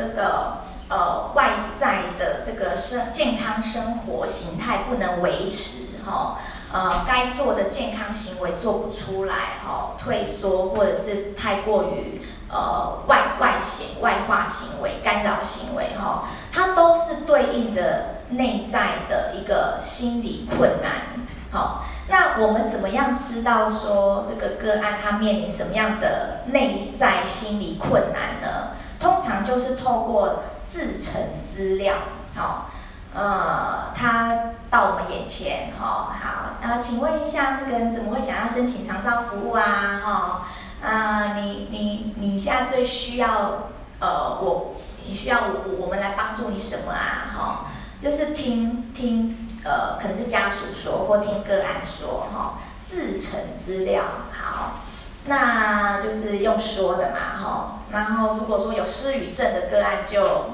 這個呃外在的這個生健康生活形態不能維持哈、哦，呃該做的健康行為做不出來哈、哦，退縮或者是太過於呃外外顯外化行為干擾行為哈、哦，它都是對應着內在的一個心理困難。好、哦，那我們怎麼樣知道說這個個案他面臨什麼樣的內在心理困難呢？.通常就是透過自陳資料，哦，呃，他到我們眼前，哈、哦，好，那請問一下，那、這個人怎麼會想要申請長照服務啊，哈、哦，啊、呃，你你你現在最需要，呃，我你需要我我，我們來幫助你什麼啊，哈、哦，就是聽聽，呃，可能是家屬說或聽個案說，哈、哦，自陳資料，好。那就是用說的嘛，哈。然後如果說有失語症的個案，就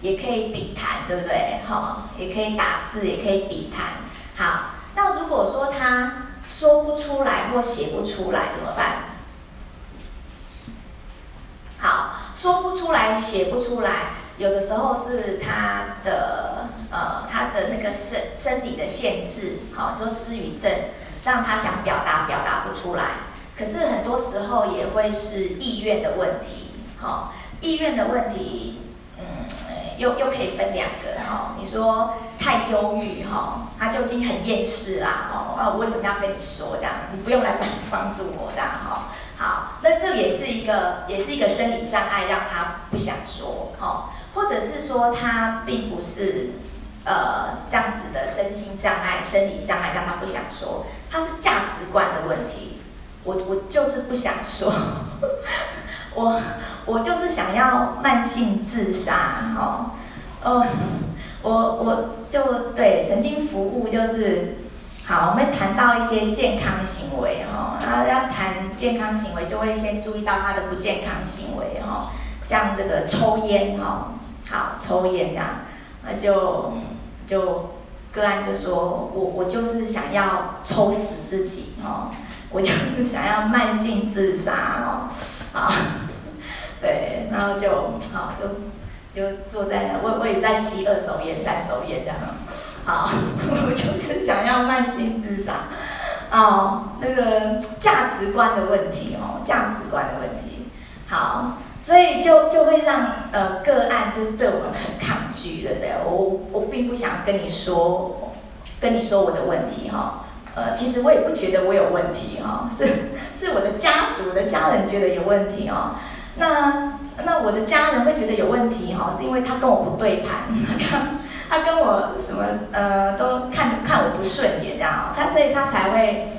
也可以筆談，對不對？哈，也可以打字，也可以筆談。好，那如果說他說不出來或寫不出來怎麼辦？好，說不出來，寫不出來，有的時候是他的呃他的那個身生理的限制，好，就失語症讓他想表達表達不出來。可是很多時候也會是意願的問題，好、哦，意願的問題，嗯，又又可以分兩個哈、哦。你說太憂鬱哈、哦，他究竟很厭世啦、啊，哦，我為什麼要跟你說這樣？你不用來幫幫助我這樣哈、哦。好，那這也是一個，也是一個生理障礙，讓他不想說，哈、哦，或者是說他並不是呃這樣子的身心障礙、生理障礙，讓他不想說，他是價值觀的問題。我我就是不想說，我我就是想要慢性自殺哈、哦，哦，我我就對曾經服務就是，好，我們談到一些健康行為哈，那、哦、要談健康行為就會先注意到他的不健康行為哈、哦，像這個抽菸哈、哦，好抽菸這樣，那就就個案就說，我我就是想要抽死自己哈。哦我就是想要慢性自殺哦，好，對，然後就，好就，就坐在那，我我也在吸二手煙、三手煙這樣，好，我就是想要慢性自殺，哦，那個價值觀的問題哦，價值觀的問題，好，所以就就會讓呃個案就是對我很抗拒，對不對？我我並不想跟你說，跟你說我的問題哈、哦。呃，其實我也不覺得我有問題哦，是是我的家屬我的家人覺得有問題哦。那那我的家人會覺得有問題哈，是因為他跟我不對盤，他他跟我什麼呃都看看我不順眼這樣，他所以他才會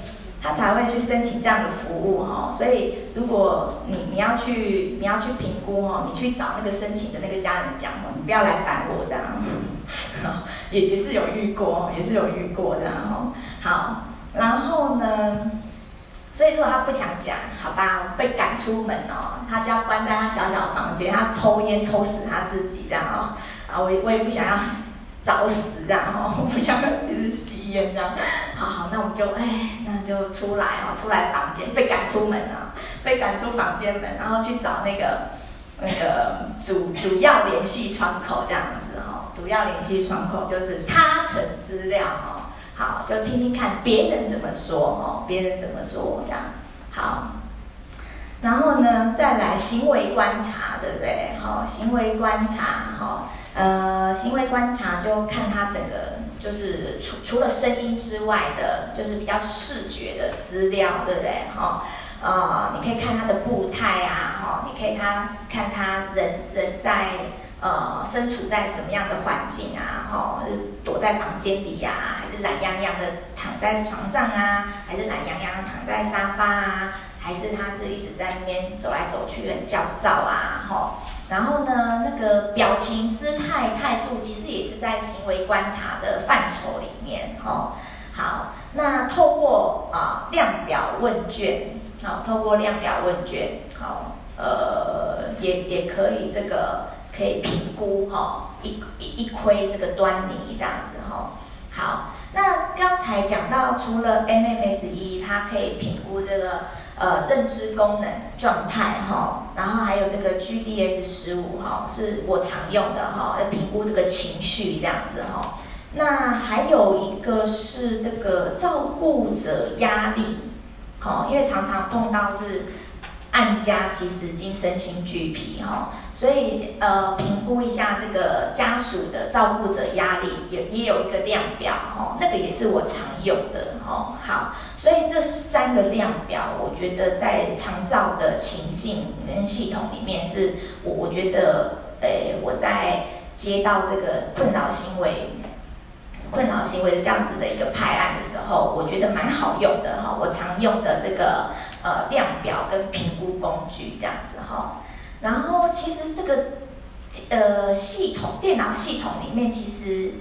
他才會去申請這樣的服務哈。所以如果你你要去你要去評估哦，你去找那個申請的那個家人講哦，你不要來煩我這樣。也也是有遇過，也是有遇過的哈、哦。好，然後呢，所以如果他不想講，好吧，被趕出門哦，他就要關在他小小房間，他抽煙抽死他自己這樣哦。啊，我我也不想要找死這樣我、哦、不想一直吸煙這樣。好好，那我們就哎，那就出來哦，出來房間，被趕出門啊、哦，被趕出房間門，然後去找那個那個主 主要聯繫窗口這樣子。主要聯繫窗口就是他陳資料哦，好，就聽聽看別人怎麼說哦，別人怎麼說這樣好。然後呢，再來行為觀察，對不對？好，行為觀察，好，呃，行為觀察就看他整個，就是除除了聲音之外的，就是比較視覺的資料，對不對？好，呃，你可以看他的步態啊，哈，你可以他看他人人在。呃，身處在什麼樣的環境啊？吼、哦，是躲在房間裡呀？啊，還是懶洋洋的躺在床上啊，還是懶洋洋躺在沙發啊，還是他是一直在那邊走來走去，很焦躁啊？吼、哦，然後呢，那個表情、姿態、態度，其實也是在行為觀察的範疇裡面。吼、哦，好，那透過啊、呃、量表問卷，好、哦，透過量表問卷，好、哦，呃，也也可以這個。可以評估哈、哦，一一一窺這個端倪這樣子哈、哦。好，那剛才講到除了 MMSE，它可以評估這個呃認知功能狀態哈、哦，然後還有這個 GDS 十五哈，是我常用的哈、哦，來評估這個情緒這樣子哈、哦。那還有一個是這個照顧者壓力哈、哦，因為常常碰到是。案家其實已經身心俱疲哦，所以呃評估一下這個家屬的照顧者壓力也，也也有一個量表哦，那個也是我常用的哦。好，所以這三個量表，我覺得在長照的情境跟系統裡面，是我我覺得，誒、欸，我在接到這個困擾行為。困擾行為的這樣子的一個派案的時候，我覺得蠻好用的哈。我常用的這個呃量表跟評估工具這樣子哈。然後其實這個呃系統電腦系統裡面，其實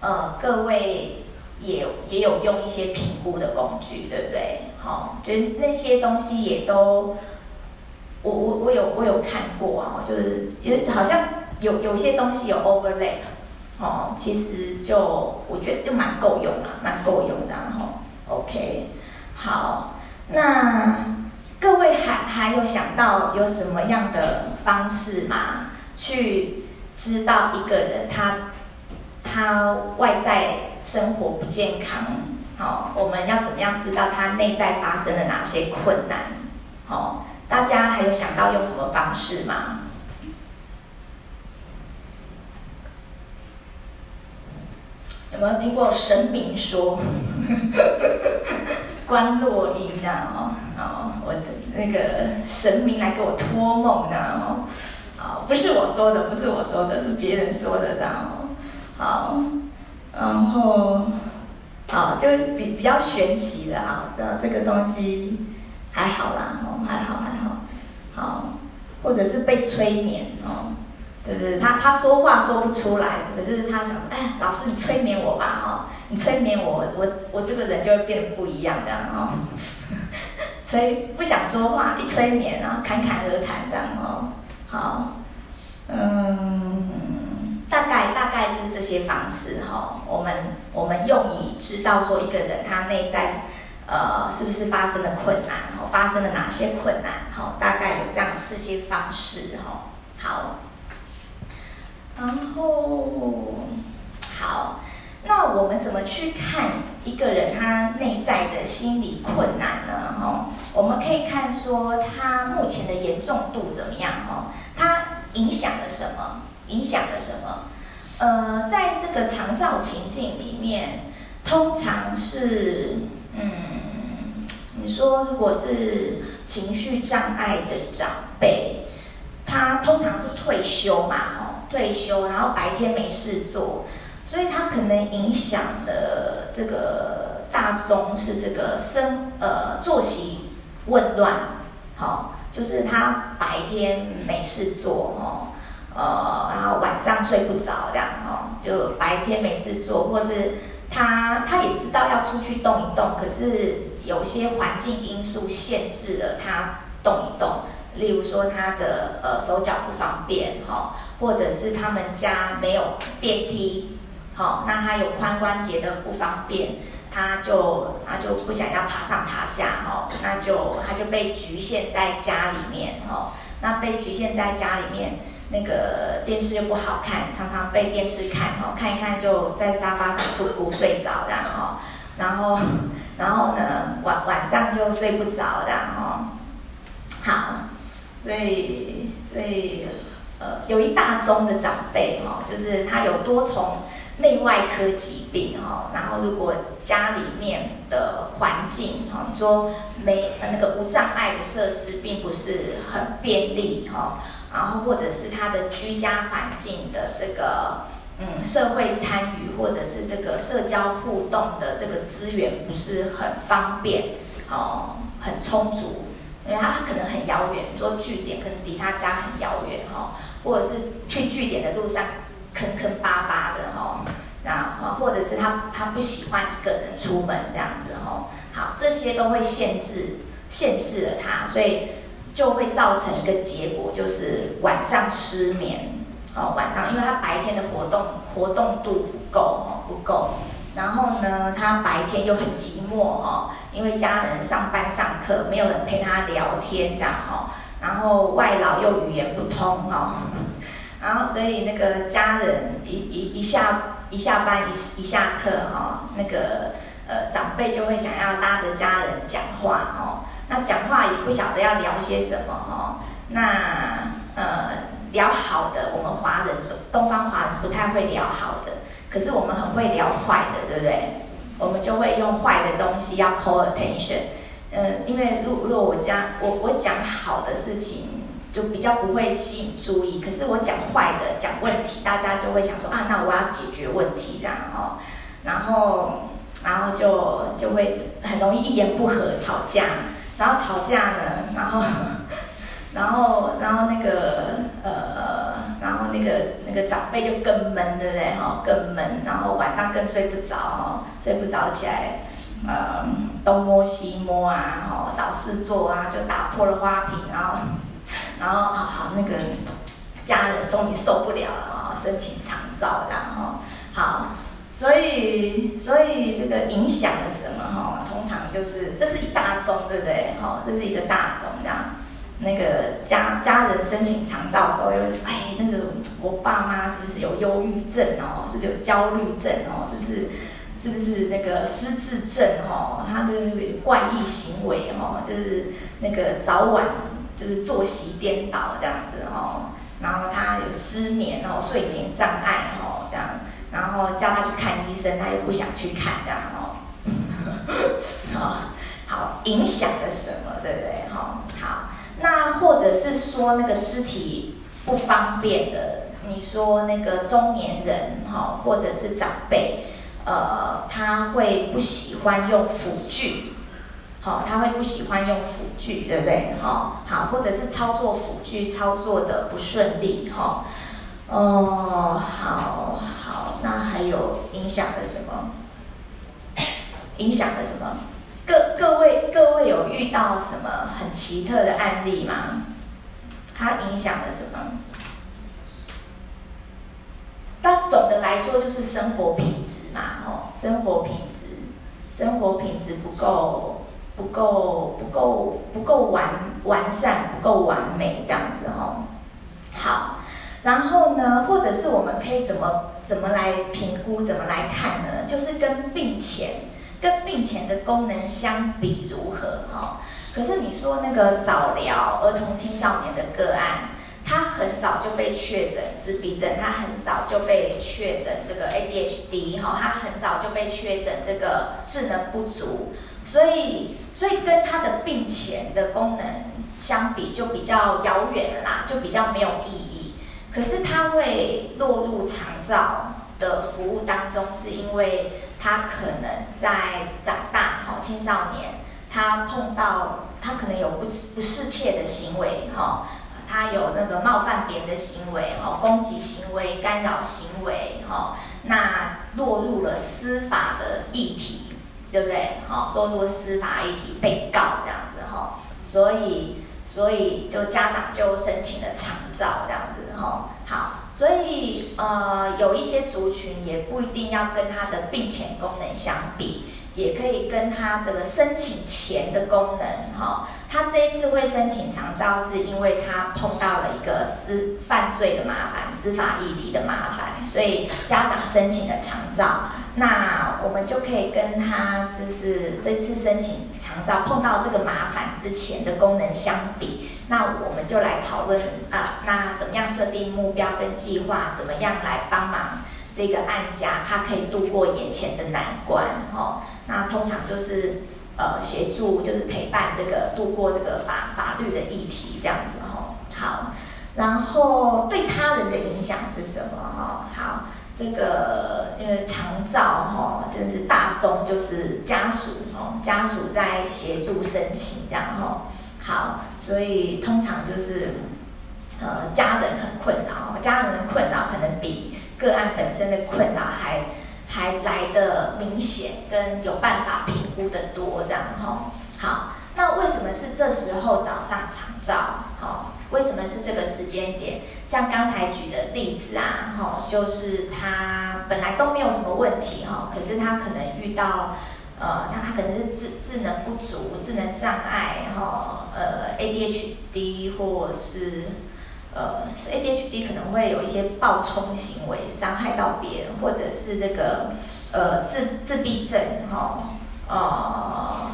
呃各位也也有用一些評估的工具，對不對？好、哦，覺得那些東西也都我我我有我有看過啊，就是有，就是、好像有有些東西有 overlap。哦，其實就我覺得就蠻夠用啊，蠻夠用的哦。OK，好，那各位還還有想到有什麼樣的方式嗎？去知道一個人他他外在生活不健康，好，我們要怎麼樣知道他內在發生了哪些困難？好，大家還有想到用什麼方式嗎？有沒有聽過神明說，觀 落陰吶、啊、哦哦，我的那個神明來給我托夢吶哦，啊不是我說的，不是我說的，是別人說的然，、啊、後、哦，好，然後，啊就比比較玄奇的啊，然後這個東西還好啦哦還好還好，好，或者是被催眠哦。對對對，他他說話說不出來，可是他想，哎，老師你催眠我吧哈，你催眠我，我我這個人就會變得不一樣的哈，催、哦、不想說話，一催眠然後侃侃而談這樣哦，好，嗯，大概大概就是這些方式哈、哦，我們我們用以知道說一個人他內在，呃，是不是發生了困難，然、哦、發生了哪些困難，然、哦、大概有這樣這些方式哈、哦，好。然後好，那我們怎麼去看一個人他內在的心理困難呢？吼、哦，我們可以看說他目前的嚴重度怎麼樣？吼、哦，他影響了什麼？影響了什麼？呃，在這個長照情境裡面，通常是嗯，你說如果是情緒障礙的長輩，他通常是退休嘛。退休，然後白天沒事做，所以他可能影響了這個大眾是這個生呃作息紊亂，好、哦，就是他白天沒事做哦，呃，然後晚上睡不着這樣哦，就白天沒事做，或是他他也知道要出去動一動，可是有些環境因素限制了他動一動。例如說他的呃手腳不方便哈、哦，或者是他們家沒有電梯，好、哦，那他有髖關節的不方便，他就他就不想要爬上爬下哈、哦，那就他就被局限在家裡面哈、哦，那被局限在家裡面，那個電視又不好看，常常被電視看哈、哦，看一看就在沙發上咕咕睡着、哦、然後，然後然後呢晚晚上就睡不着的後、哦，好。所以，所以，呃，有一大宗的長輩哈、哦，就是他有多重內外科疾病哈、哦，然後如果家裡面的環境哈，哦、說沒呃那個無障礙的設施並不是很便利哈、哦，然後或者是他的居家環境的這個嗯社會參與或者是這個社交互動的這個資源不是很方便哦，很充足。因為他可能很遙遠，做據點可能離他家很遙遠哦，或者是去據點的路上坑坑巴巴的哈，那或者是他他不喜歡一個人出門這樣子哈，好，這些都會限制限制了他，所以就會造成一個結果，就是晚上失眠哦，晚上因為他白天的活動活動度不夠哦，不夠。然後呢，他白天又很寂寞哦，因為家人上班上課，沒有人陪他聊天這樣哦，然後外勞又語言不通哦，然後所以那個家人一一一下一下班一一下課哈、哦，那個呃長輩就會想要拉着家人講話哦，那講話也不曉得要聊些什麼哦，那呃聊好的，我們華人東東方華人不太會聊好的。可是我們很會聊壞的，對不對？我們就會用壞的東西要 call attention、呃。嗯，因為如如果我講我我講好的事情，就比較不會吸引注意。可是我講壞的，講問題，大家就會想說啊，那我要解決問題，然後，然後，然後就就會很容易一言不合吵架。然後吵架呢，然後，然後，然後，然後那個呃。然後那個那個長輩就更悶，對不對？吼，更悶，然後晚上更睡不着，睡不着起來，呃，東摸西摸啊，然後找事做啊，就打破了花瓶，然後，然後，好、哦，那個家人終於受不了了，然後，哦，申請長照，然後、哦，好，所以，所以這個影響了什麼？哈、哦，通常就是這是一大宗，對不對？好、哦，這是一個大宗，這樣。那個家家人申請長照的時候，又會說，哎，那個我爸媽是不是有憂鬱症哦？是不是有焦慮症哦？是不是是不是那個失智症哦？他就是有怪異行為哦，就是那個早晚就是作息顛倒這樣子哦，然後他有失眠哦，睡眠障礙哦這樣，然後叫他去看醫生，他又不想去看這樣哦， 好，好影響了什麼，對不對？那或者是說那個肢體不方便的，你說那個中年人哈，或者是長輩，呃，他會不喜歡用輔具，好、哦，他會不喜歡用輔具，對不對？好、哦，好，或者是操作輔具操作的不順利，哈，哦，好好，那還有影響了什麼？影響了什麼？各各位各位有遇到什麼很奇特的案例嗎？它影響了什麼？但總的來說就是生活品質嘛，吼、哦，生活品質，生活品質不夠，不夠不夠不夠完完善，不夠完美這樣子，吼、哦。好，然後呢，或者是我們可以怎麼怎麼來評估，怎麼來看呢？就是跟病前。跟病前的功能相比如何？哈、哦，可是你說那個早療兒童青少年的個案，他很早就被確診自閉症，他很早就被確診這個 ADHD，哈、哦，他很早就被確診這個智能不足，所以，所以跟他的病前的功能相比就比較遙遠了啦，就比較沒有意義。可是他會落入長照的服務當中，是因為。他可能在長大，哈、哦，青少年，他碰到他可能有不不適切的行為，哈、哦，他有那個冒犯別人的行為，哈、哦，攻擊行為、干擾行為，哈、哦，那落入了司法的議題，對不對？哈、哦，落入司法議題，被告這樣子，哈、哦，所以所以就家長就申請了長照這樣子，哈、哦。好，所以呃，有一些族群也不一定要跟他的病前功能相比。也可以跟他這個申請前的功能哈，他這一次會申請長照，是因為他碰到了一個司犯罪的麻煩、司法議題的麻煩，所以家長申請了長照，那我們就可以跟他就是這次申請長照碰到這個麻煩之前的功能相比，那我們就來討論啊，呃，那怎麼樣設定目標跟計劃，怎麼樣來幫忙。這個案家他可以度過眼前的難關，吼、哦，那通常就是呃協助，就是陪伴這個度過這個法法律的議題這樣子，吼、哦，好，然後對他人的影響是什麼，吼、哦，好，這個因為長照，吼、哦，就是大宗就是家屬，哦，家屬在協助申請這樣，吼、哦，好，所以通常就是呃家人很困擾，家人的困擾可能比個案本身的困擾還還來得明顯跟有辦法評估的多這樣吼、哦，好，那為什麼是這時候找上長照？好、哦，為什麼是這個時間點？像剛才舉的例子啊，吼、哦，就是他本來都沒有什麼問題吼、哦，可是他可能遇到呃，他可能是智智能不足、智能障礙吼、哦，呃，ADHD 或是。呃，ADHD 可能會有一些暴衝行為，傷害到別人，或者是這個呃自自閉症哈、哦，呃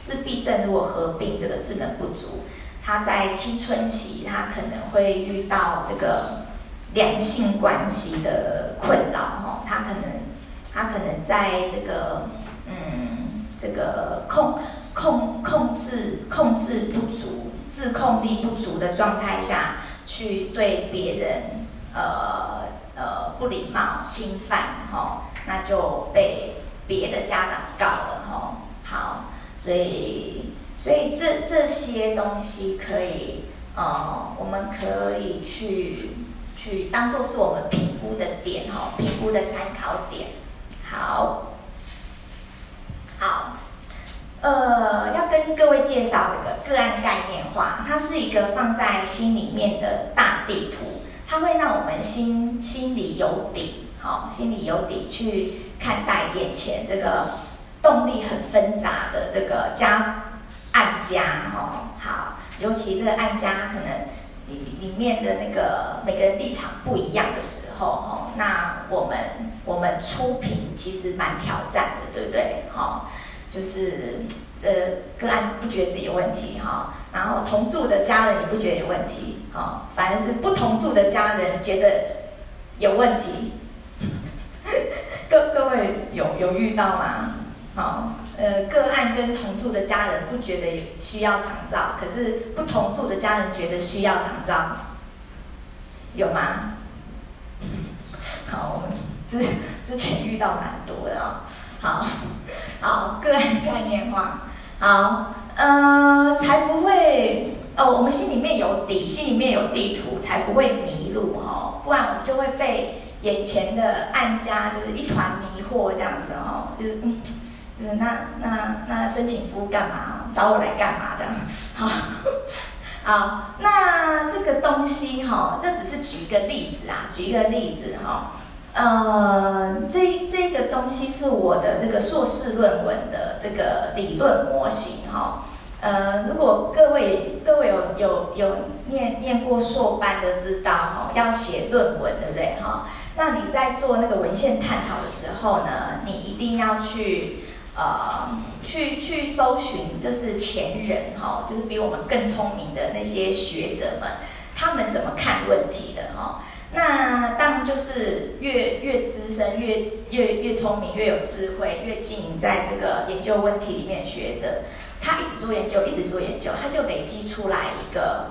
自閉症如果合併這個智能不足，他在青春期他可能會遇到這個兩性關係的困擾哈、哦，他可能他可能在這個嗯這個控控控制控制不足，自控力不足的狀態下。去對別人呃呃不禮貌、侵犯哈、哦，那就被別的家長告了哈、哦。好，所以所以這這些東西可以，哦、呃，我們可以去去當做是我們評估的點哈、哦，評估的參考點。好。呃，要跟各位介紹這個個案概念化，它是一個放在心裡面的大地圖，它會讓我們心心裡有底，好、哦，心裡有底去看待眼前這個動力很紛雜的這個家案家，哦，好，尤其這個案家可能裡,裡面的那個每個人立場不一樣的時候，哦，那我們我們出評其實蠻挑戰的，對不對，哦。就是，呃，個案不覺得自己有問題哈、哦，然後同住的家人也不覺得有問題，哈、哦，反正是不同住的家人覺得有問題。各 各位有有遇到嗎？好、哦，呃，個案跟同住的家人不覺得有需要長照，可是不同住的家人覺得需要長照，有嗎？好，我們之之前遇到蠻多的啊、哦。好好，個案概念化，好，呃，才不會，哦，我們心裡面有底，心裡面有地圖，才不會迷路吼、哦，不然，我們就會被眼前的案家就是一團迷惑這樣子吼、哦，就是，嗯，那那那，那申請服務幹嘛，找我來幹嘛這樣，好，好，那這個東西哈、哦，這只是舉一個例子啊，舉一個例子吼、哦呃，這這個東西是我的這個碩士論文的這個理論模型哈。呃，如果各位各位有有有念念過碩班的知道哈，要寫論文對不對哈？那你在做那個文獻探討的時候呢，你一定要去呃去去搜尋，就是前人哈，就是比我們更聰明的那些學者們，他們怎麼看問題的哈。那當就是越越資深、越越越聰明、越有智慧、越經營在這個研究問題裡面學者，他一直做研究，一直做研究，他就累積出來一個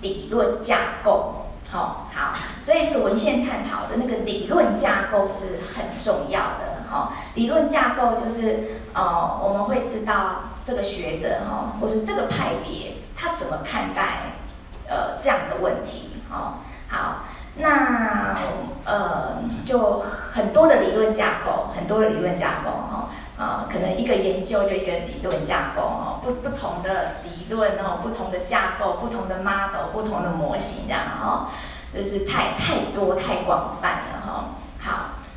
理論架構。好、哦，好，所以這個文獻探討的那個理論架構是很重要的。好、哦，理論架構就是哦、呃，我們會知道這個學者哈、哦，或是這個派別他怎麼看待呃這樣的問題。好、哦，好。那呃，就很多的理論架構，很多的理論架構哈、哦，啊，可能一個研究就一個理論架構哈，不不同的理論哦，不同的架構，不同的 model，不同的模型這樣哈、哦，就是太太多太廣泛了哈、哦。好，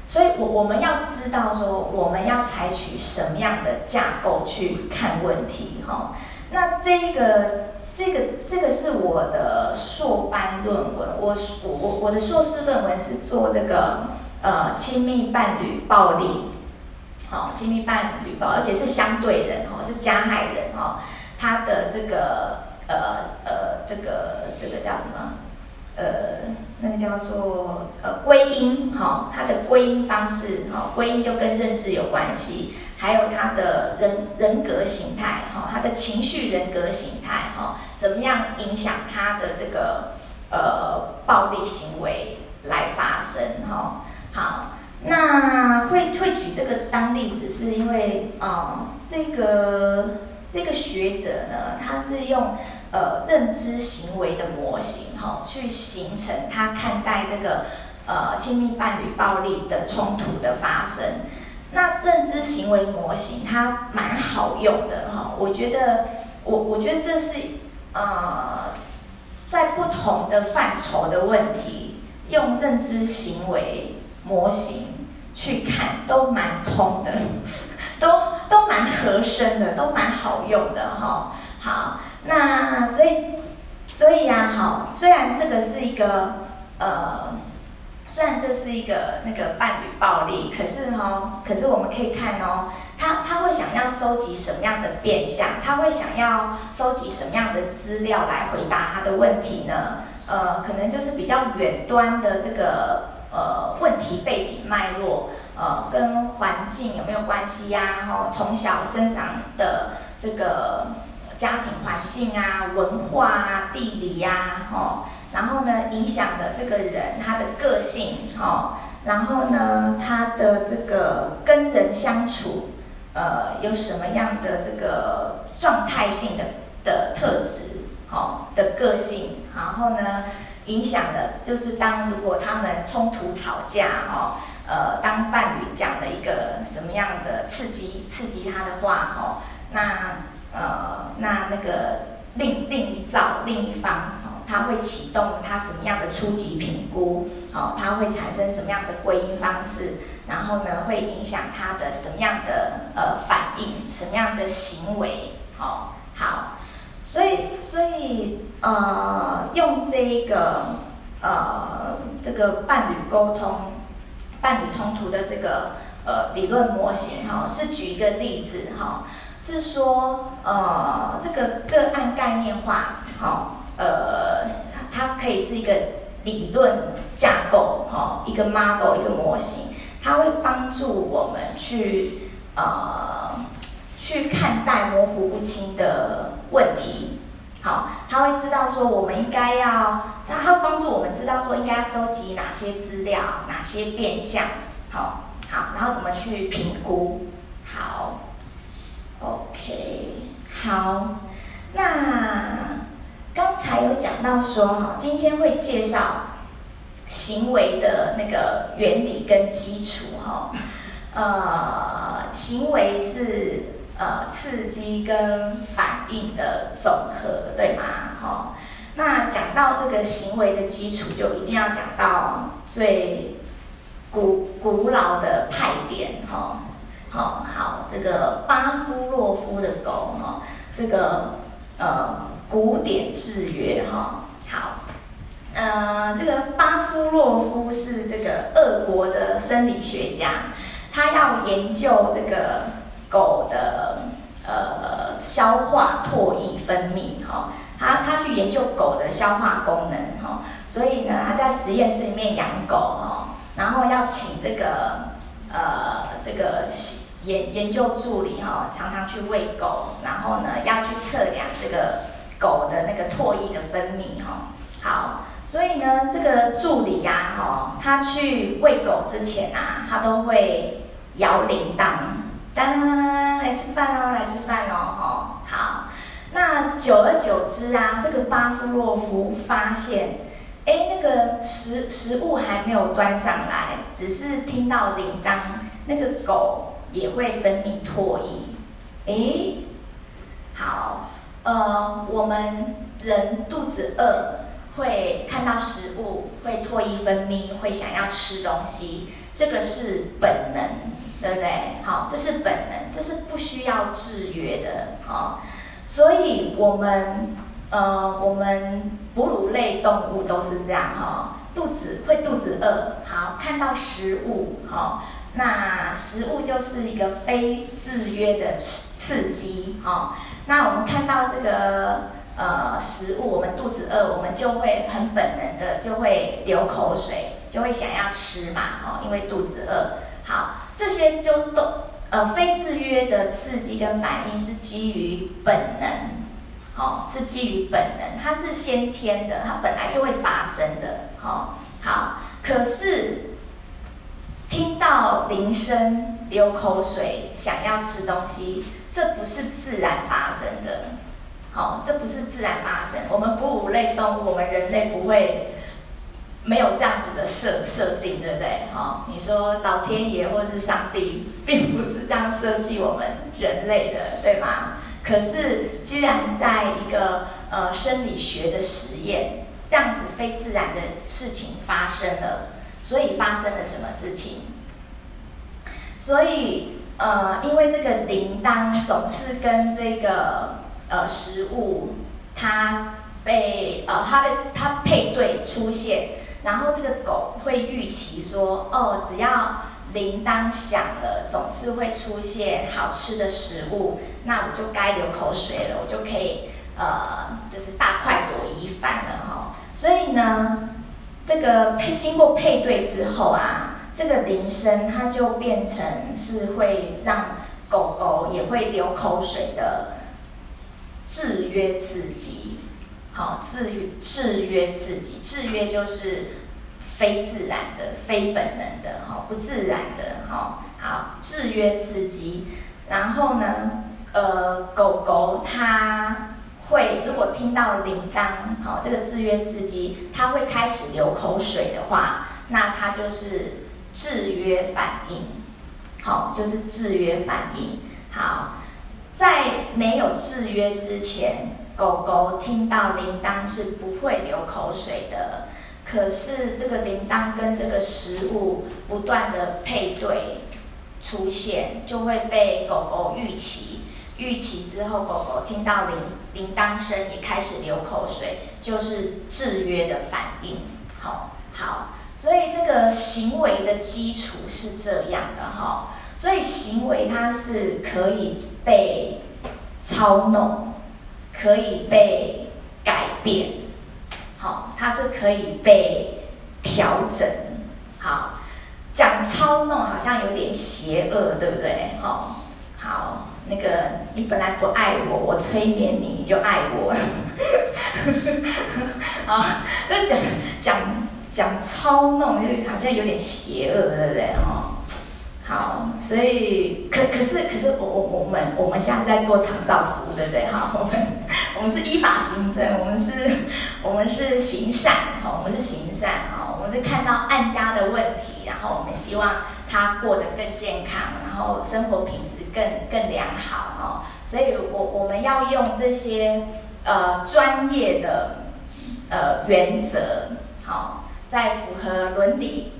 所以，我我們要知道說，我們要採取什麼樣的架構去看問題哈、哦。那這個。這個這個是我的碩班論文，我我我我的碩士論文是做這個呃親密伴侶暴力，好、哦、親密伴侶暴，而且是相對人哦，是加害人哦，他的這個呃呃這個這個叫什麼呃那個叫做呃歸因哈、哦，他的歸因方式哈、哦，歸因就跟認知有關係，還有他的人人格形態哈。哦他的情緒、人格形態，哈、哦，怎麼樣影響他的這個呃暴力行為來發生，哈、哦？好，那會會舉這個當例子是，是因為哦，這個這個學者呢，他是用呃認知行為的模型，哈、哦，去形成他看待這個呃親密伴侶暴力的衝突的發生。那認知行為模型它蠻好用的哈，我覺得我我覺得這是呃，在不同的範疇的問題用認知行為模型去看都蠻通的，都都蠻合身的，都蠻好用的哈、哦。好，那所以所以呀，好，雖然這個是一個呃。雖然這是一個那個伴侶暴力，可是哦，可是我們可以看哦，他他會想要收集，什麼樣的變項？他會想要收集什麼樣的資料來回答他的問題呢？呃，可能就是比較遠端的這個呃問題背景脈絡，呃，跟環境有沒有關係呀？哦，從小生長的這個家庭環境啊，文化啊，地理呀，哦。然後呢，影響了這個人他的個性，哦，然後呢，他的這個跟人相處，呃，有什麼樣的這個狀態性的的特質，哦的個性。然後呢，影響了就是當如果他們衝突吵架，哦，呃，當伴侶講了一個什麼樣的刺激刺激他的話，哦，那呃那那個另另一造另一方。它會啟動它什麼樣的初級評估？哦，它會產生什麼樣的歸因方式？然後呢，會影響它的什麼樣的呃反應、什麼樣的行為？哦，好，所以所以呃，用這一個呃這個伴侶溝通、伴侶衝突的這個呃理論模型哈、哦，是舉一個例子哈、哦，是說呃這個個案概念化，好、哦、呃。可以是一個理論架構，哦，一個 model，一個模型，它會幫助我們去，呃，去看待模糊不清的問題。好，它會知道說我們應該要，它會幫助我們知道說應該收集哪些資料，哪些變項。好，好，然後怎麼去評估。好，OK，好，那。剛才有講到說哈，今天會介紹行為的那個原理跟基礎哈，呃，行為是呃刺激跟反應的總和，對嗎、哦？那講到這個行為的基礎，就一定要講到最古古老的派典哈，好、哦哦、好，這個巴夫洛夫的狗哈、哦，這個呃。古典制約哈、哦，好，呃，這個巴夫洛夫是這個俄國的生理學家，他要研究這個狗的呃消化唾液分泌哈、哦，他他去研究狗的消化功能哈、哦，所以呢，他在實驗室裡面養狗哦，然後要請這個呃這個研研究助理哈、哦，常常去餵狗，然後呢要去測量這個。狗的那個唾液的分泌哈、哦，好，所以呢，這個助理呀、啊，哈、哦，他去餵狗之前啊，他都會搖鈴鐺，當當當當，來吃飯哦，來吃飯哦，哈、哦，好，那久而久之啊，這個巴夫洛夫發現，哎、欸，那個食食物還沒有端上來，只是聽到鈴鐺，那個狗也會分泌唾液，哎、欸，好。呃，我們人肚子餓，會看到食物，會唾液分泌，會想要吃東西，這個是本能，對不對？好，這是本能，這是不需要制約的，好、哦。所以我們，呃，我們哺乳類動物都是這樣，哈、哦，肚子會肚子餓，好，看到食物，好、哦，那食物就是一個非制約的刺激，哈、哦。那我們看到這個呃食物，我們肚子餓，我們就會很本能的就會流口水，就會想要吃嘛，哦，因為肚子餓。好，這些就都呃非制約的刺激跟反應是基於本能，哦，是基於本能，它是先天的，它本來就會發生的，哦。好，可是聽到鈴聲流口水，想要吃東西。這不是自然發生的，好、哦，這不是自然發生。我們哺乳類動物，我們人類不會沒有這樣子的設設定，對不對？好、哦，你說老天爺或是上帝，並不是這樣設計我們人類的，對嗎？可是居然在一個呃生理學的實驗，這樣子非自然的事情發生了，所以發生了什麼事情？所以。呃，因為這個鈴鐺總是跟這個呃食物，它被呃它被它配對出現，然後這個狗會預期說，哦，只要鈴鐺響了，總是會出現好吃的食物，那我就該流口水了，我就可以呃，就是大快朵頤飯了哈、哦。所以呢，這個配經過配對之後啊。這個鈴聲，它就變成是會讓狗狗也會流口水的制約刺激，好，制制約刺激，制約就是非自然的、非本能的，好，不自然的，好，好，制約刺激。然後呢，呃，狗狗它會，如果聽到鈴鐺，好，這個制約刺激，它會開始流口水的話，那它就是。制約反應，好、哦，就是制約反應。好，在沒有制約之前，狗狗聽到鈴鐺是不會流口水的。可是這個鈴鐺跟這個食物不斷的配對出現，就會被狗狗預期。預期之後，狗狗聽到鈴鈴鐺聲也開始流口水，就是制約的反應。好、哦，好。所以這個行為的基礎是這樣的，所以行為它是可以被操弄，可以被改變，好，它是可以被調整，好，講操弄好像有點邪惡，對不對？哦，好，那個你本來不愛我，我催眠你，你就愛我，啊， 就講講。講講操弄就好像有點邪惡，對不對？哦，好，所以可可是可是我我我們我們現在在做長照服，對不對？好，我們我們是依法行政，我們是我們是行善，好，我們是行善，好，我們是看到案家的問題，然後我們希望他過得更健康，然後生活品質更更良好，哦。所以我我們要用這些呃專業的呃原則，好。在符合倫理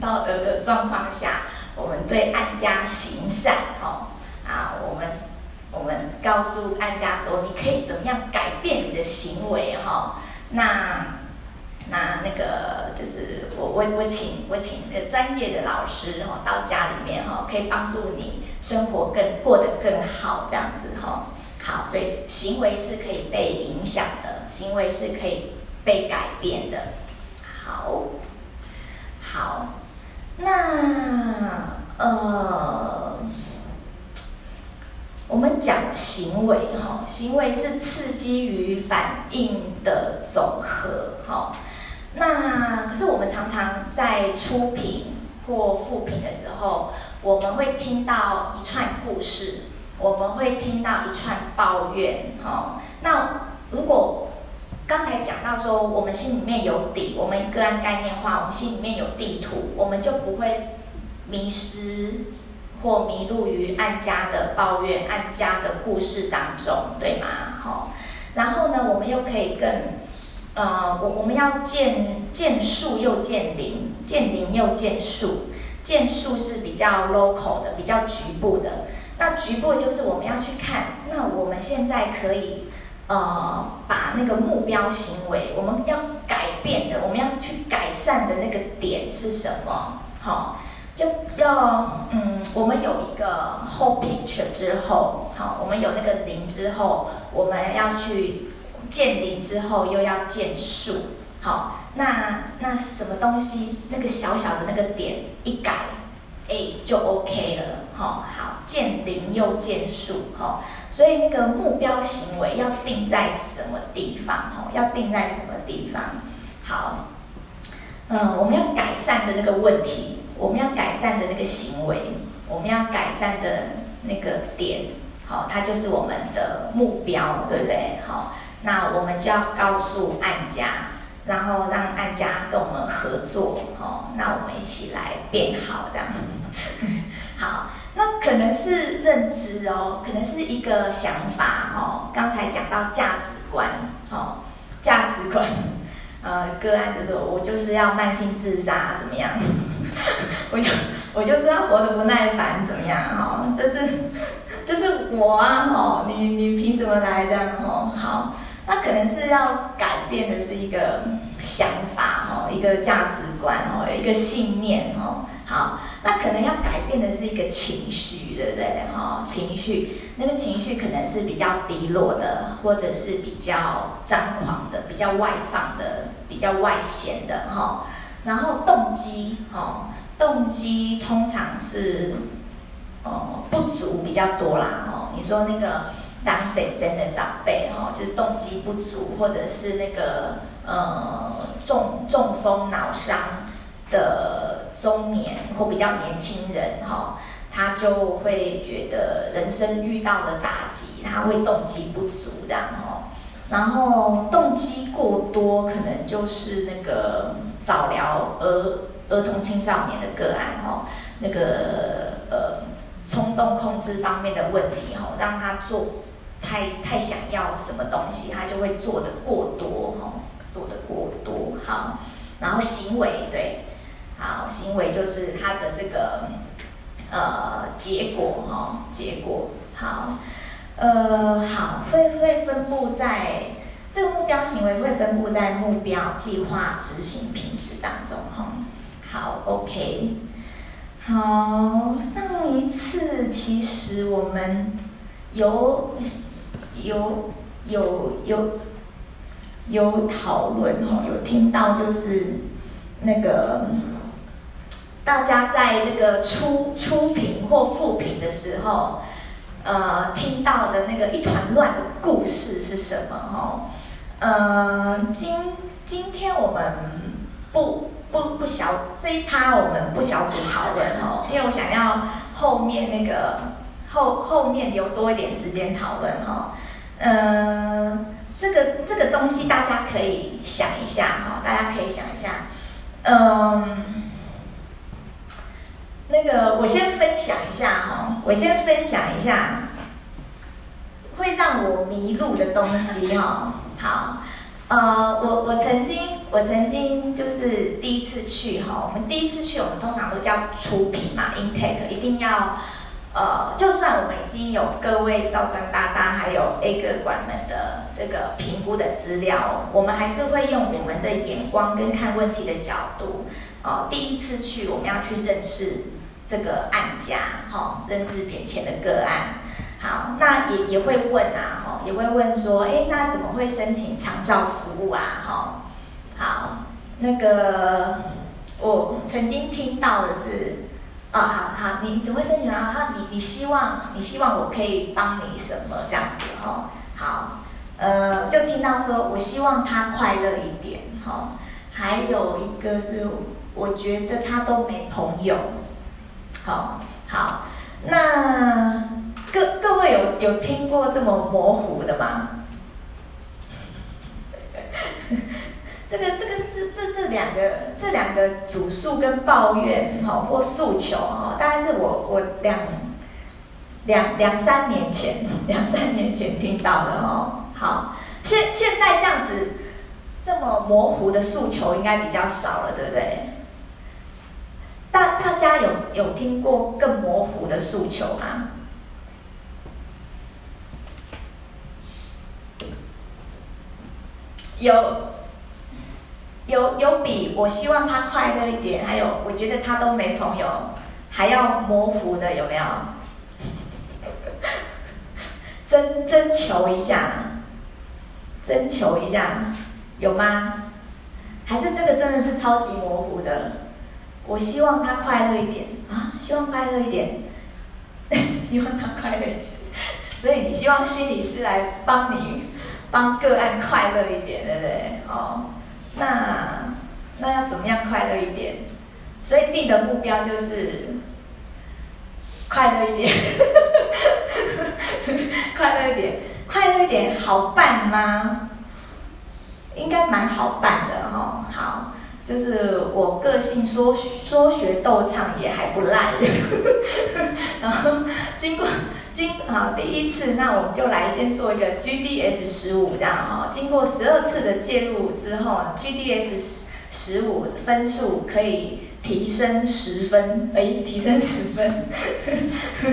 道德的狀況下，我們對案家行善，吼啊，我們我們告訴案家說，你可以怎麼樣改變你的行為，吼、啊、那那那個就是我我我請我請那個專業的老師，然後、啊、到家裡面，吼、啊、可以幫助你生活更過得更好，這樣子，吼、啊、好，所以行為是可以被影響的，行為是可以被改變的。好，好，那呃，我們講行為哈，行為是刺激與反應的總和哈。那可是我們常常在初評或複評的時候，我們會聽到一串故事，我們會聽到一串抱怨哈。那如果剛才講到說，我們心裡面有底，我們個案概念化，我們心裡面有地圖，我們就不會迷失或迷路於案家的抱怨、案家的故事當中，對嗎？好，然後呢，我們又可以更，呃，我我們要見見樹又見林，見林又見樹，見樹是比較 local 的，比較局部的。那局部就是我們要去看。那我們現在可以。呃，把那個目標行為，我們要改變的，我們要去改善的那個點是什麼？好，就要嗯，我們有一個 whole picture 之後，好，我們有那個零之後，我們要去建零之後又要建數，好，那那什麼東西，那個小小的那個點一改，哎、欸，就 OK 了。哦、好，見林又見樹，哦。所以那個目標行為要定在什麼地方，哦，要定在什麼地方，好，嗯，我們要改善的那個問題，我們要改善的那個行為，我們要改善的那個點，好、哦，它就是我們的目標，對不對？好、哦，那我們就要告訴案家，然後讓案家跟我們合作，哈、哦，那我們一起來變好，這樣， 好。那可能是認知哦，可能是一個想法哦。剛才講到價值觀哦，價值觀，呃，個案就是我就是要慢性自殺怎麼樣？ 我就我就是要活得不耐煩怎麼樣？哈、哦，這是這是我啊，哈、哦，你你憑什麼來這樣、哦？好，那可能是要改變的是一個想法哦，一個價值觀哦，一個信念哦，好。那可能要改變的是一個情緒，對不對？哈、哦，情緒那個情緒可能是比較低落的，或者是比較張狂的、比較外放的、比較外顯的，哈、哦。然後動機，哈、哦，動機通常是哦不足比較多啦，哦，你說那個當嬸嬸的長輩，哈、哦，就是動機不足，或者是那個呃中中風腦傷的。中年或比較年輕人，哈、哦，他就會覺得人生遇到的打擊，他會動機不足這樣哦。然後動機過多，可能就是那個早療兒兒童青少年的個案哦，那個呃衝動控制方面的問題，哈、哦，讓他做太太想要什麼東西，他就會做得過多，哈、哦，做得過多，哈，然後行為對。好，行為就是他的這個，呃，結果哦，結果好，呃，好會會分佈在這個目標行為會分佈在目標計劃執行品質當中哈，好，OK，好，上一次其實我們有有有有有討論哈，有聽到就是那個。大家在那個初初評或復評的時候，呃，聽到的那個一團亂的故事是什麼？哦，呃，今今天我們不不不小，這一趴，我們不小組討論哦。因為我想要後面那個後後面留多一點時間討論哈，嗯、哦呃，這個這個東西大家可以想一下哈、哦，大家可以想一下，嗯。那個，我先分享一下哈、哦，我先分享一下會讓我迷路的東西哈、哦。好，呃，我我曾經，我曾經就是第一次去哈、哦，我們第一次去，我們通常都叫初評嘛，intake，一定要呃，就算我們已經有各位照專大大還有 A 個管們的這個評估的資料，我們還是會用我們的眼光跟看問題的角度。哦，第一次去我們要去認識這個案家，好，認識眼前的個案，好，那也也會問啊，哦，也會問說，誒，那怎麼會申請長照服務啊？哈，好，那個我曾經聽到的是，哦、啊，好好，你怎麼會申請啊？哈，你你希望你希望我可以幫你什麼這樣子？吼，好，呃，就聽到說我希望他快樂一點，吼，還有一個是。我覺得他都沒朋友，好、哦、好，那各各位有有聽過這麼模糊的嗎？這個這個這這這兩個這兩個主訴跟抱怨，哈、哦、或訴求，哈、哦，大概是我我兩兩兩三年前兩三年前聽到的，哈、哦。好，現在現在這樣子這麼模糊的訴求應該比較少了，對不對？大大家有有聽過更模糊的訴求嗎？有有有比我希望他快樂一點，還有我覺得他都沒朋友，還要模糊的有沒有？徵徵求一下，徵求一下，有嗎？還是這個真的是超級模糊的？我希望他快樂一點啊！希望快樂一點， 希望他快樂一點，所以你希望心理師來幫你，幫個案快樂一點，對不對？哦，那那要怎麼樣快樂一點？所以定的目標就是快樂一點， 快樂一點，快樂一點，好辦嗎？應該蠻好辦的哦。好。就是我個性說說學逗唱也還不賴，呵呵，然後經過經啊第一次，那我們就來先做一個 GDS 十五這樣哦。經過十二次的介入之後，GDS 十五分數可以提升十分，哎，提升十分呵呵，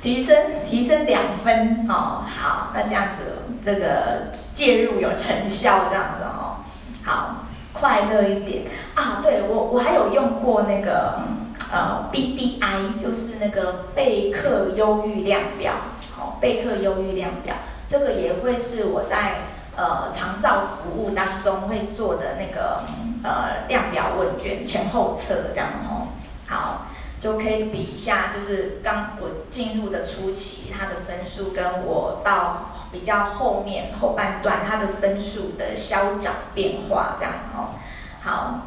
提升提升兩分哦。好，那這樣子這個介入有成效這樣子哦，好。快樂一點啊！對我，我還有用過那個呃，BDI，就是那個貝克憂鬱量表。好，貝克憂鬱量表，這個也會是我在呃長照服務當中會做的那個呃量表問卷，前後測這樣哦。好，就可以比一下，就是剛我進入的初期，它的分數跟我到。比較後面後半段，它的分數的消長變化這樣哦，好，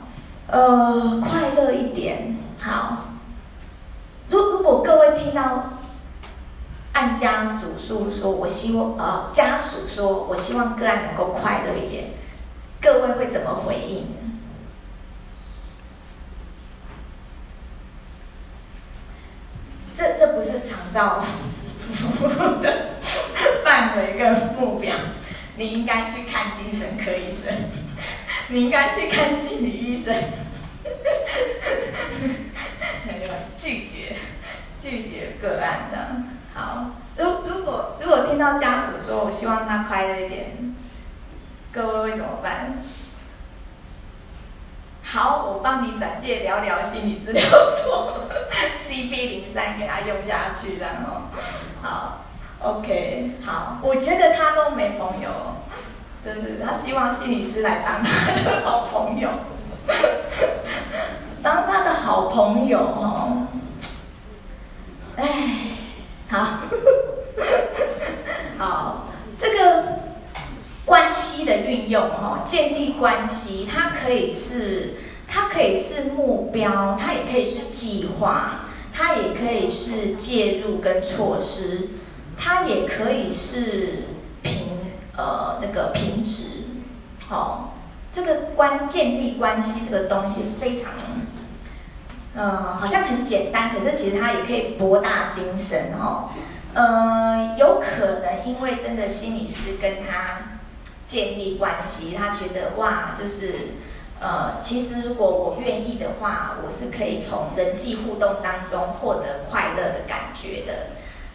呃，快樂一點，好。如如果各位聽到案家主訴說，我希望呃家屬說，我希望個案能夠快樂一點，各位會怎麼回應？這這不是長照。目標，你應該去看精神科醫生，你應該去看心理醫生， 拒絕拒絕個案的。好，如如果如果聽到家屬說，我希望他快樂一點，各位會怎麼辦？好，我幫你轉介聊聊心理治療所，CB 零三給他用下去，然後好。OK，好，我覺得他都沒朋友，對對，他希望心理師來當他的好朋友，當他的好朋友哦。哎，好，好，這個關係的運用哦，建立關係，它可以是，它可以是目標，它也可以是計劃，它也可以是介入跟措施。他也可以是平呃那個平直，哦，這個關建立關係這個東西非常，嗯、呃，好像很簡單，可是其實它也可以博大精深哦，嗯、呃，有可能因為真的心理師跟他建立關係，他覺得哇，就是呃，其實如果我願意的話，我是可以從人際互動當中獲得快樂的感覺的。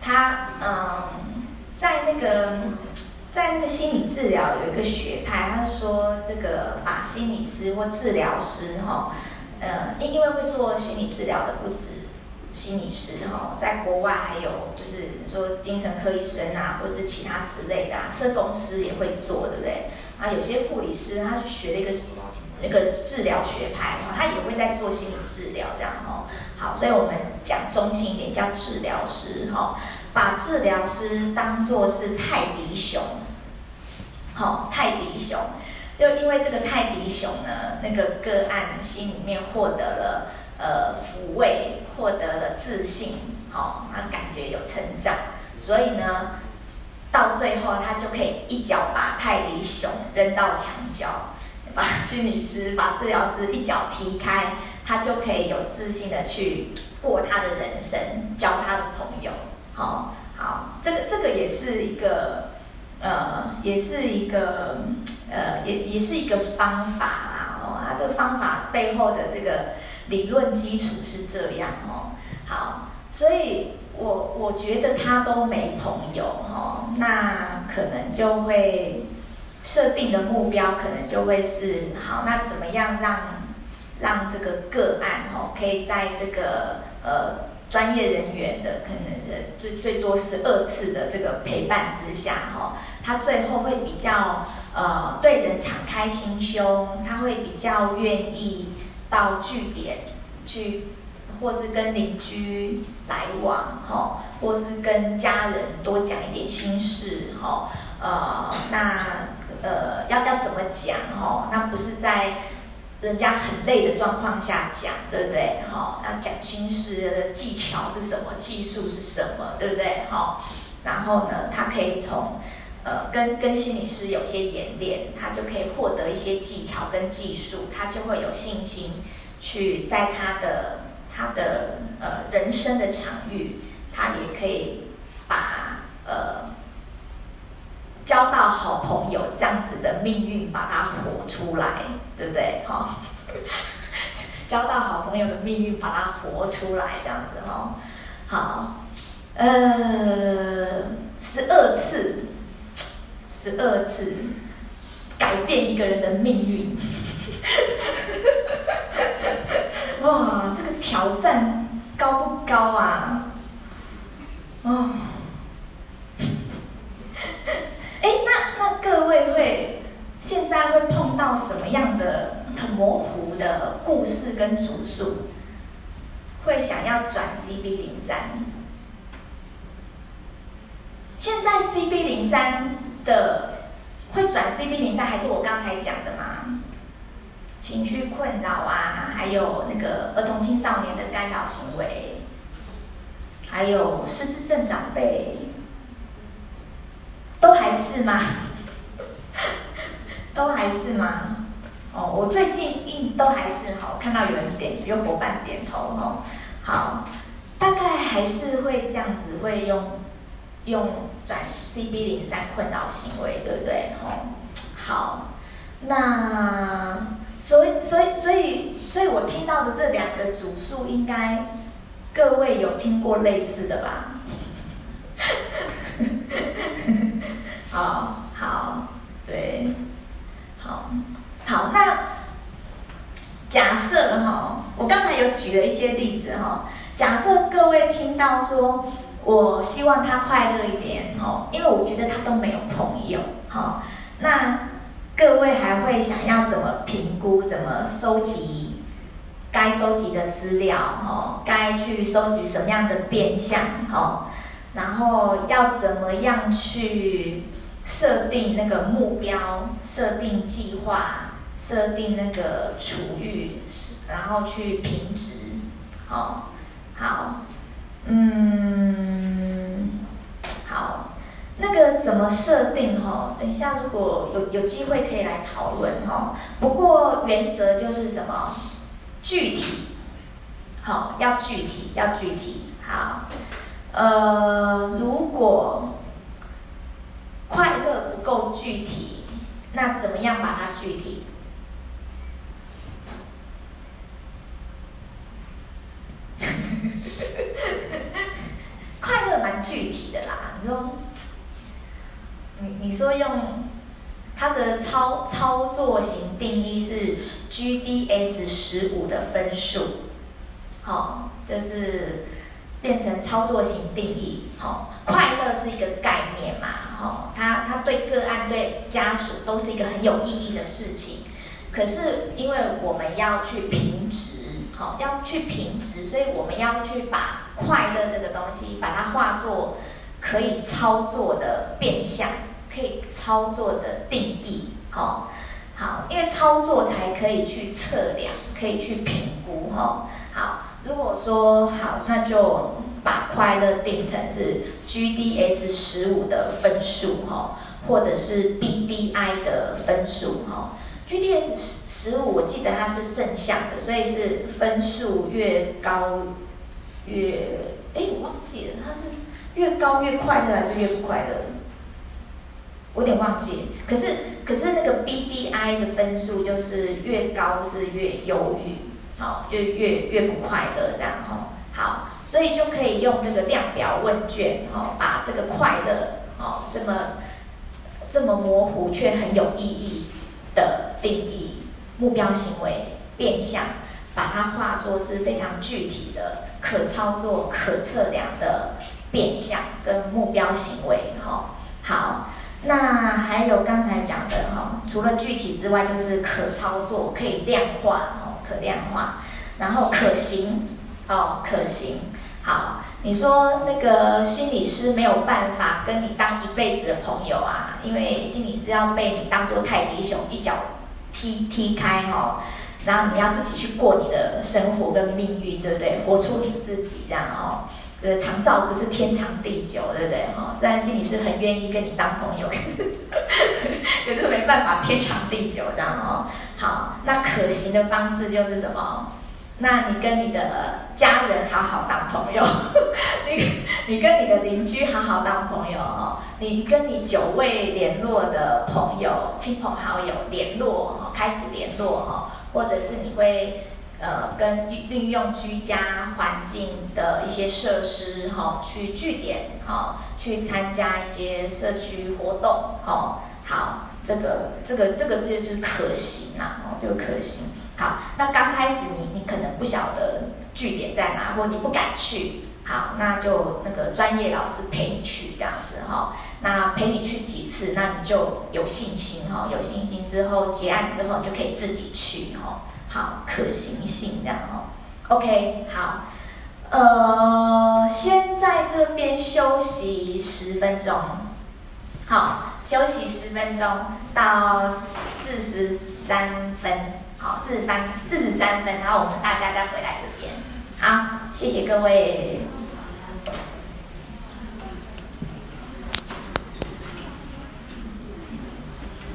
他嗯，在那個，在那個心理治療有一個學派，他說這個把、啊、心理師或治療師哈，呃、哦，因、嗯、因為會做心理治療的不止心理師哈、哦，在國外還有就是說精神科醫生啊，或者是其他之類的、啊，社工師也會做，對不對？啊，有些護理師他去學了一個什麼？那個治療學派，他也會在做心理治療，這樣哦。好，所以我們講中性一點，叫治療師，吼，把治療師當做是泰迪熊，好，泰迪熊，又因為這個泰迪熊呢，那個個案心裡面獲得了呃撫慰，獲得了自信，好，他感覺有成長，所以呢，到最後他就可以一腳把泰迪熊扔到牆角。把心理師、把治療師一腳踢開，他就可以有自信的去過他的人生，交他的朋友。好、哦，好，這個這個也是一個，呃，也是一個，呃，也也是一個方法啦。哦，他這個方法背後的這個理論基礎是這樣哦。好，所以我我覺得他都沒朋友哦，那可能就會。設定的目標可能就會是好，那怎麼樣讓讓這個個案吼，可以在這個呃專業人員的可能的最最多十二次的這個陪伴之下吼，他最後會比較呃對人敞開心胸，他會比較願意到據點去，或是跟鄰居來往吼，或是跟家人多講一點心事吼，呃那。呃，要要怎麼講哦？那不是在人家很累的狀況下講，對不對？吼、哦，那講心事的技巧是什麼？技術是什麼？對不對？吼、哦，然後呢，他可以從呃跟跟心理師有些演練，他就可以獲得一些技巧跟技術，他就會有信心去在他的他的呃人生的場域，他也可以把呃。交到好朋友這樣子的命運，把它活出來，對不對？哈、哦，交到好朋友的命運，把它活出來，這樣子哈、哦。好，呃，十二次，十二次改變一個人的命運，哇，這個挑戰高不高啊？困擾行為，對不對？哦，好，那所以所以所以所以我聽到的這兩個主訴應該各位有聽過類似的吧？哈哈哈哈哈哈！好好對，好，好那假設哈，我剛才有舉了一些例子哈，假設各位聽到說。我希望他快樂一點，吼、哦，因為我覺得他都沒有朋友，好、哦，那各位還會想要怎麼評估，怎麼收集該收集的資料，吼、哦，該去收集什麼樣的變項，吼、哦，然後要怎麼樣去設定那個目標，設定計劃，設定那個處遇，然後去評值好、哦，好。嗯，好，那個怎麼設定齁？等一下，如果有有機會可以來討論齁。不過原則就是什麼？具體，好，要具體，要具體。好，呃，如果快樂不夠具體，那怎麼樣把它具體？快樂蠻具體的啦，你說，你你說用它的操操作型定義是 GDS 十五的分數，好、哦，就是變成操作型定義。好、哦，快樂是一個概念嘛，好、哦，它他對個案對家屬都是一個很有意義的事情。可是因為我們要去評值，好、哦，要去評值，所以我們要去把快樂這個東西把。化作可以操作的變相，可以操作的定義，吼、哦，好，因為操作才可以去測量，可以去評估，吼、哦，好，如果說好，那就把快樂定成是 GDS 十五的分數，吼，或者是 BDI 的分數，吼，GDS 十十五我記得它是正向的，所以是分數越高越。哎，我忘記了，它是越高越快樂還是越不快樂？我有點忘記。可是，可是那個 BDI 的分數就是越高是越憂鬱，好、哦，越越越不快樂這樣吼、哦。好，所以就可以用那個量表問卷，吼、哦，把這個快樂，吼、哦，這麼這麼模糊卻很有意義的定義目標行為變項，把它化作是非常具體的。可操作、可測量的變項跟目標行為，哦、好，那還有剛才講的、哦，除了具體之外，就是可操作、可以量化、哦，可量化，然後可行，哦，可行，好，你說那個心理師沒有辦法跟你當一輩子的朋友啊，因為心理師要被你當做泰迪熊一腳踢踢開，哦然後你要自己去過你的生活跟命運，對不對？活出你自己這樣哦。呃、就是，長照不是天長地久，對不對？哈，雖然心裡是很願意跟你當朋友，可是，可是沒辦法天長地久這樣哦。好，那可行的方式就是什麼？那你跟你的家人好好當朋友，你你跟你的鄰居好好當朋友哦。你跟你久未聯絡的朋友、親朋好友聯絡哦，開始聯絡哦。或者是你會呃跟運用居家環境的一些設施哈、哦、去據點哈、哦、去參加一些社區活動哦。好，這個這個這個這就是可行啦、啊，哦就可行。好，那剛開始你你可能不曉得據點在哪，或者你不敢去。好，那就那個專業老師陪你去這樣子哈。那陪你去幾次，那你就有信心哈。有信心之後結案之後，你就可以自己去哈。好，可行性這樣哦。OK，好。呃，先在這邊休息十分鐘。好，休息十分鐘到四十三分。好，四十三四十三分，然後我們大家再回來這邊。好，謝謝各位。